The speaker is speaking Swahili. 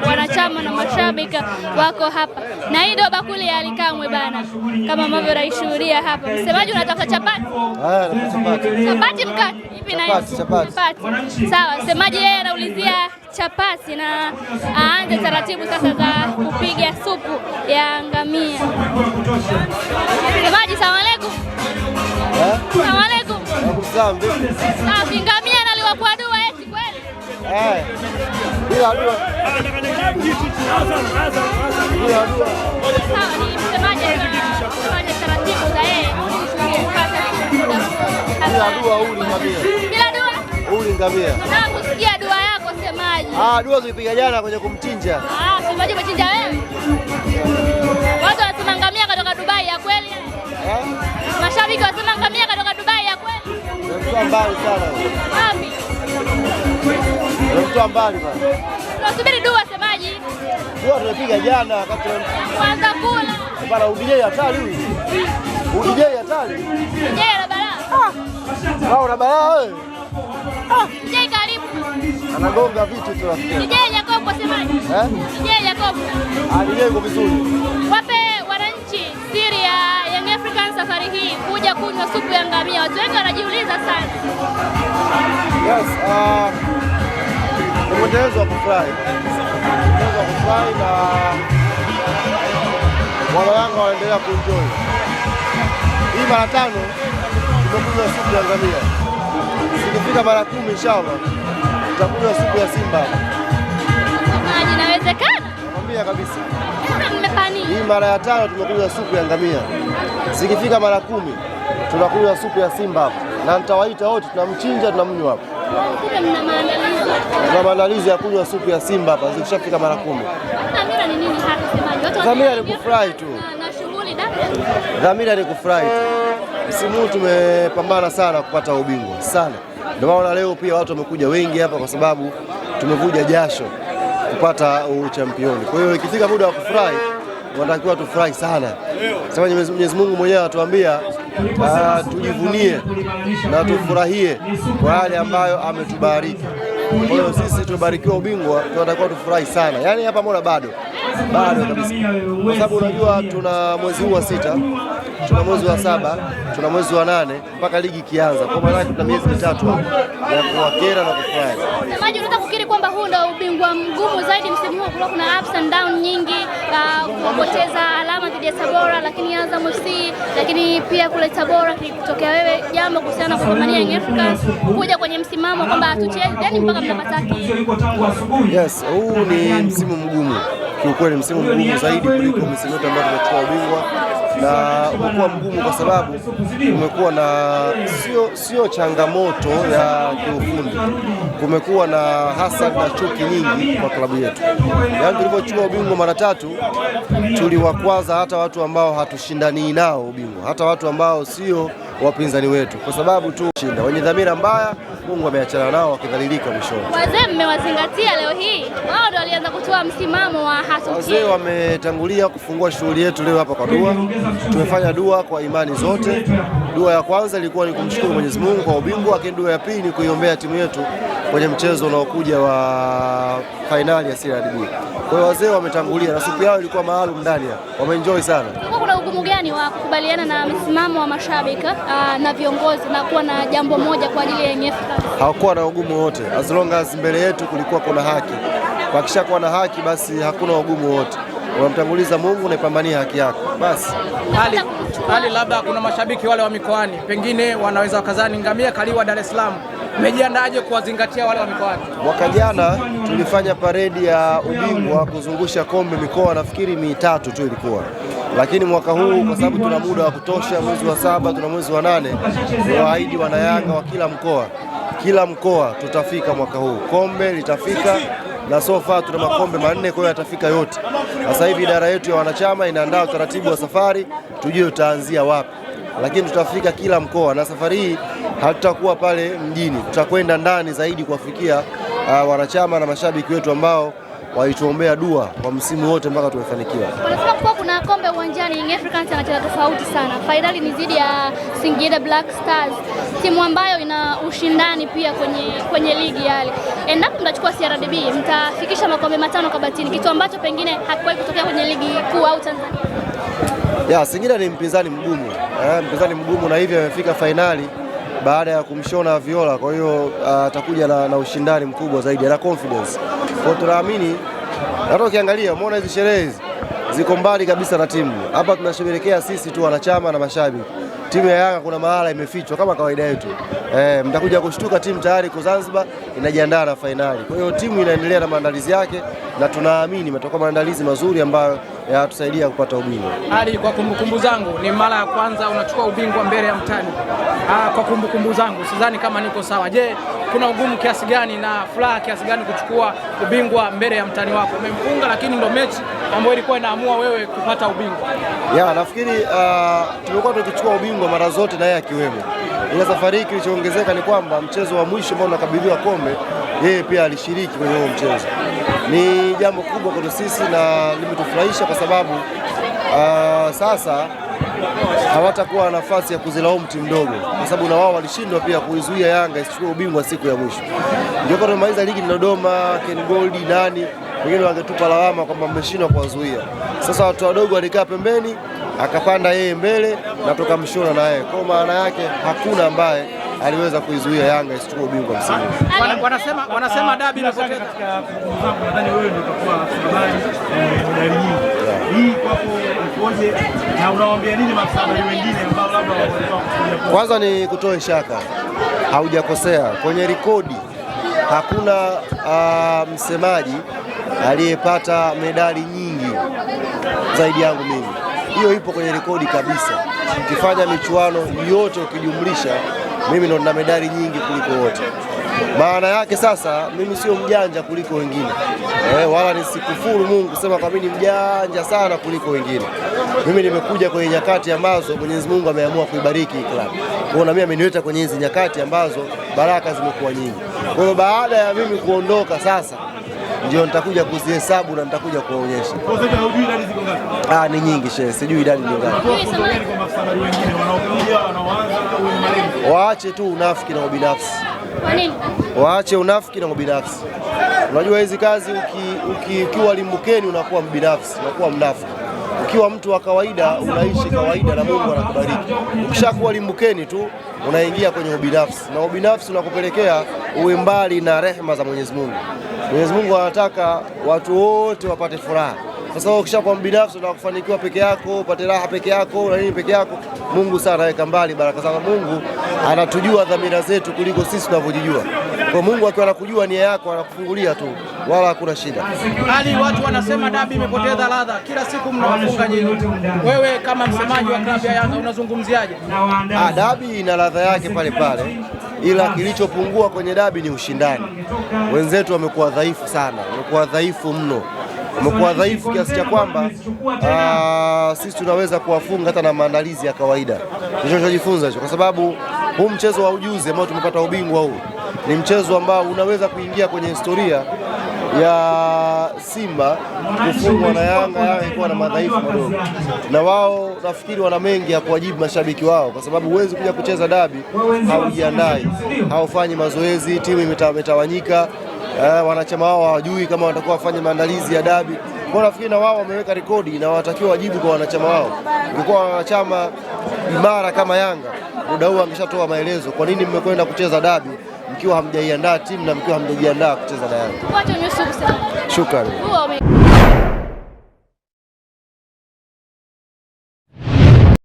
wanachama na mashabiki wako hapa, na hii ndio bakuli ya Alikamwe bana, kama ambavyo naishuhudia hapa. Msemaji, unataka chapati? Ah, chapati, mkate, ipi na ipi? Chapati. Sawa, msemaji yeye anaulizia chapati na aanze taratibu sasa za kupiga supu ya ngamia. Msemaji, salamu alaykum. Salamu aleikum. Eh? Safi, ngamia analiwa kwa dua eti kweli? Eh. Bila dua Ngamia. Nataka kusikia dua yako semaji. Ah, dua tulipiga jana kwenye kumchinja. Ah, semaji umechinja wewe? Watu wanasema ngamia kutoka Dubai ya kweli? Eh? Mashabiki wanasema ngamia kutoka Dubai ya kweli? mbali sana. Dua mbali bwana. Tunasubiri dua semaji. Dua tunapiga jana wakati kwanza kula. Bwana udijei hatari huyu. Udijei hatari. Udijei na balaa. Ah. Wao na balaa wewe. Ah, je, karibu. Anagonga vitu tu rafiki. DJ Jacob semaji. Eh? DJ Jacob. Ah, DJ yuko vizuri. Wape wananchi siri ya Young African safari hii kuja kunywa supu ya ngamia. Watu wengi wanajiuliza sana. Yes, ah uh ni mwendelezo wa kufurahi, mwendelezo wa kufurahi na wanayanga wanaendelea kuenjoy. Hii mara tano tumekunywa supu ya ngamia, zikifika mara kumi inshallah tutakunywa supu ya Simba. Inawezekana nakwambia kabisa. Hii mara ya tano tumekunywa supu ya ngamia, zikifika mara kumi tunakunywa supu ya Simba hapa, na nitawaita wote, tunamchinja tunamnywa hapa na maandalizi ya kunywa supu ya Simba hapa zikishafika mara kumi. Dhamira ni kufurahi tu, dhamira ni kufurahi tu. Msimu huu tumepambana sana kupata ubingwa sana, ndio maana leo pia watu wamekuja wengi hapa, kwa sababu tumevuja jasho kupata uchampioni. Kwa hiyo ikifika muda wa kufurahi, wanatakiwa tufurahi sana, Mwenyezi Mungu mwenyewe atuambia tujivunie na tufurahie kwa yale ambayo ametubariki. Kwa hiyo sisi tumebarikiwa ubingwa, tunatakiwa tufurahi sana, yaani hapa mbona bado bado kabisa, kwa sababu unajua tuna mwezi huu wa sita, tuna mwezi wa saba, tuna mwezi wa nane mpaka ligi ikianza, kwa maana tuna miezi mitatu ya kuwakera na kufurahi. Mtazamaji, unaweza kukiri kwamba huu ndio ubingwa mgumu zaidi msimu huu, kwa kuna ups and down nyingi, kupoteza alama dhidi ya Tabora, lakini Azam FC, lakini pia kule Tabora kutokea wewe jambo kuhusiana na kupambania Young Africans kuja kwenye msimamo kwamba hatuchezi, yani mpaka mnapata. Yes, huu ni msimu mgumu kiukweli msimu mgumu zaidi kuliko misimu yote ambayo tumechukua ubingwa, na umekuwa mgumu kwa sababu kumekuwa na sio sio changamoto ya kiufundi, kumekuwa na hasad na chuki nyingi kwa klabu yetu. Yaani tulivyochukua ubingwa mara tatu tuliwakwaza hata watu ambao hatushindani nao ubingwa, hata watu ambao sio wapinzani wetu, kwa sababu tu shinda wenye dhamira mbaya Mungu ameachana nao wakidhalilika mwishoni. Wazee mmewazingatia leo hii, wao ndio walianza kutoa msimamo wa hasa. Wazee wametangulia kufungua shughuli yetu leo hapa kwa dua. Tumefanya dua kwa imani zote. Dua ya kwanza ilikuwa ni kumshukuru Mwenyezi Mungu kwa ubingwa, lakini dua ya pili ni kuiombea timu yetu kwenye mchezo unaokuja wa fainali ya CRDB. Kwa hiyo wazee wametangulia na siku yao ilikuwa maalum ndani, wameenjoy sana jukumu gani wa kukubaliana na msimamo wa mashabiki ah, na viongozi na kuwa na jambo moja kwa ajili ya Young Africans? Hawakuwa na ugumu wote, as long as mbele yetu kulikuwa kuna haki. kuwa na haki, basi hakuna ugumu wote. Unamtanguliza Mungu, unaipambania haki yako basi. Hali, hali labda kuna mashabiki wale wa mikoani pengine wanaweza wakazani ngamia kaliwa Dar es Salaam, umejiandaje kuwazingatia wale wa mikoani? Mwaka jana tulifanya paredi ya ubingwa kuzungusha kombe mikoa, nafikiri mitatu tu ilikuwa lakini mwaka huu kwa sababu tuna muda wa kutosha, mwezi wa saba tuna mwezi wa nane, niwaahidi wanayanga wa kila mkoa, kila mkoa tutafika mwaka huu, kombe litafika na sofa tuna makombe manne, kwa hiyo yatafika yote. Sasa hivi idara yetu ya wanachama inaandaa utaratibu wa safari, tujue tutaanzia wapi, lakini tutafika kila mkoa, na safari hii hatutakuwa pale mjini, tutakwenda ndani zaidi kuwafikia uh, wanachama na mashabiki wetu ambao walituombea dua kwa msimu wote mpaka tumefanikiwa. Unasema kuwa kuna kombe uwanjani, Young Africans anacheza tofauti sana, fainali ni dhidi ya Singida Black Stars, timu ambayo ina ushindani pia kwenye, kwenye ligi yale. Endapo mtachukua CRDB mtafikisha makombe matano kabatini, kitu ambacho pengine hakiwahi kutokea kwenye ligi kuu au Tanzania. Ya, Singida ni mpinzani mgumu eh, mpinzani mgumu na hivyo amefika fainali baada ya kumshona Viola, kwa hiyo ah, atakuja uh, na, na ushindani mkubwa zaidi na confidence kwa tunaamini hata ukiangalia umeona hizi sherehe hizi ziko mbali kabisa na timu. Hapa tunasherehekea sisi tu wanachama na mashabiki. Timu ya Yanga kuna mahala imefichwa kama kawaida yetu. Eh, mtakuja kushtuka, timu tayari kwa Zanzibar inajiandaa na fainali. Kwa hiyo timu inaendelea na maandalizi yake na tunaamini imetoka maandalizi mazuri ambayo yatusaidia kupata ubingwa. Ali, kwa kumbukumbu zangu ni mara ya kwanza unachukua ubingwa mbele ya mtani. Ah, kwa kumbukumbu zangu sidhani kama niko sawa. Je, kuna ugumu kiasi gani na furaha kiasi gani kuchukua ubingwa mbele ya mtani wako? Umemfunga, lakini ndo mechi ambayo ilikuwa inaamua wewe kupata ubingwa. Ya, nafikiri uh, tumekuwa tukichukua ubingwa mara zote na yeye akiwemo Ila safari hii kilichoongezeka ni kwamba mchezo wa mwisho ambao unakabidhiwa kombe, yeye pia alishiriki kwenye huo mchezo. Ni jambo kubwa kwetu sisi na limetufurahisha kwa sababu uh, sasa hawatakuwa na nafasi ya kuzilaumu timu ndogo, kwa sababu na wao walishindwa pia kuizuia Yanga isichukue ubingwa siku ya mwisho. Ndio kwa tumemaliza ligi ni Dodoma, Ken Gold nani wengine wangetupa lawama kwamba mmeshindwa kuwazuia. Sasa watu wadogo walikaa pembeni akapanda yeye mbele na tukamshona na yeye. Kwa maana yake hakuna ambaye aliweza kuizuia Yanga isichukue ubingwa msimu Wanasema wanasema dabi Nadhani wewe ndio utakuwa habari medali eh, hii kwako na unawaambia nini maafisa wengine ambao labda kwanza ni kutoa shaka, haujakosea kwenye rekodi. Hakuna uh, msemaji aliyepata medali nyingi zaidi yangu mimi hiyo ipo kwenye rekodi kabisa. Ukifanya michuano yote ukijumlisha, mimi ndo nina medali nyingi kuliko wote. Maana yake sasa, mimi sio mjanja kuliko wengine eh, wala nisikufuru Mungu kusema kwa mimi ni mjanja sana kuliko wengine. Mimi nimekuja kwenye nyakati ambazo Mwenyezi Mungu ameamua kuibariki hii klabu, kwa na mimi ameniweka kwenye hizi nyakati ambazo baraka zimekuwa nyingi. Kwa hiyo baada ya mimi kuondoka sasa ndio nitakuja kuzihesabu na nitakuja kuwaonyesha. Ah, ni nyingi shehe, sijui idadi ni ngapi. Waache tu unafiki na ubinafsi, waache unafiki na ubinafsi. Unajua hizi kazi ukiwa uki, uki limbukeni unakuwa mbinafsi, unakuwa mnafiki ukiwa mtu wa kawaida unaishi kawaida na Mungu anakubariki. Ukishakuwa limbukeni tu unaingia kwenye ubinafsi na ubinafsi unakupelekea uwe mbali na rehema za Mwenyezi Mungu. Mwenyezi Mungu anataka watu wote wapate furaha. Sasa wewe ukishakuwa mbinafsi, na kufanikiwa peke yako, upate raha peke yako na nini peke yako, Mungu sana anaweka mbali baraka zako. Mungu anatujua dhamira zetu kuliko sisi tunavyojijua. Kwa Mungu akiwa anakujua nia yako anakufungulia tu, wala hakuna shida. Ali, yaani watu wanasema dabi imepoteza ladha, kila siku mnawafunga nyinyi. Wewe kama msemaji wa klabu ya Yanga unazungumziaje? Ah, dabi ina ladha yake pale pale, ila kilichopungua kwenye dabi ni ushindani. Wenzetu wamekuwa dhaifu sana, wamekuwa dhaifu mno umekuwa dhaifu kiasi cha kwamba ah, sisi tunaweza kuwafunga hata na maandalizi ya kawaida. tunachojifunza hicho, kwa sababu huu mchezo wa ujuzi ambao tumepata ubingwa huu ni mchezo ambao unaweza kuingia kwenye historia ya Simba kufungwa na Yanga. Yanga ikuwa na madhaifu madogo, na wao nafikiri wana mengi ya kuwajibu mashabiki wao, kwa sababu huwezi kuja kucheza dabi haujiandai, haufanyi mazoezi, timu imetawanyika, eh, wanachama wao hawajui kama watakuwa wafanye maandalizi ya dabi kwa nafikiri na wao wameweka rekodi na wanatakiwa wajibu kwa wanachama wao. Ingekuwa wanachama imara kama Yanga, muda huu angeshatoa maelezo, kwa nini mmekwenda kucheza dabi mkiwa hamjaiandaa timu na mkiwa hamjajiandaa kucheza na Yanga. Shukrani.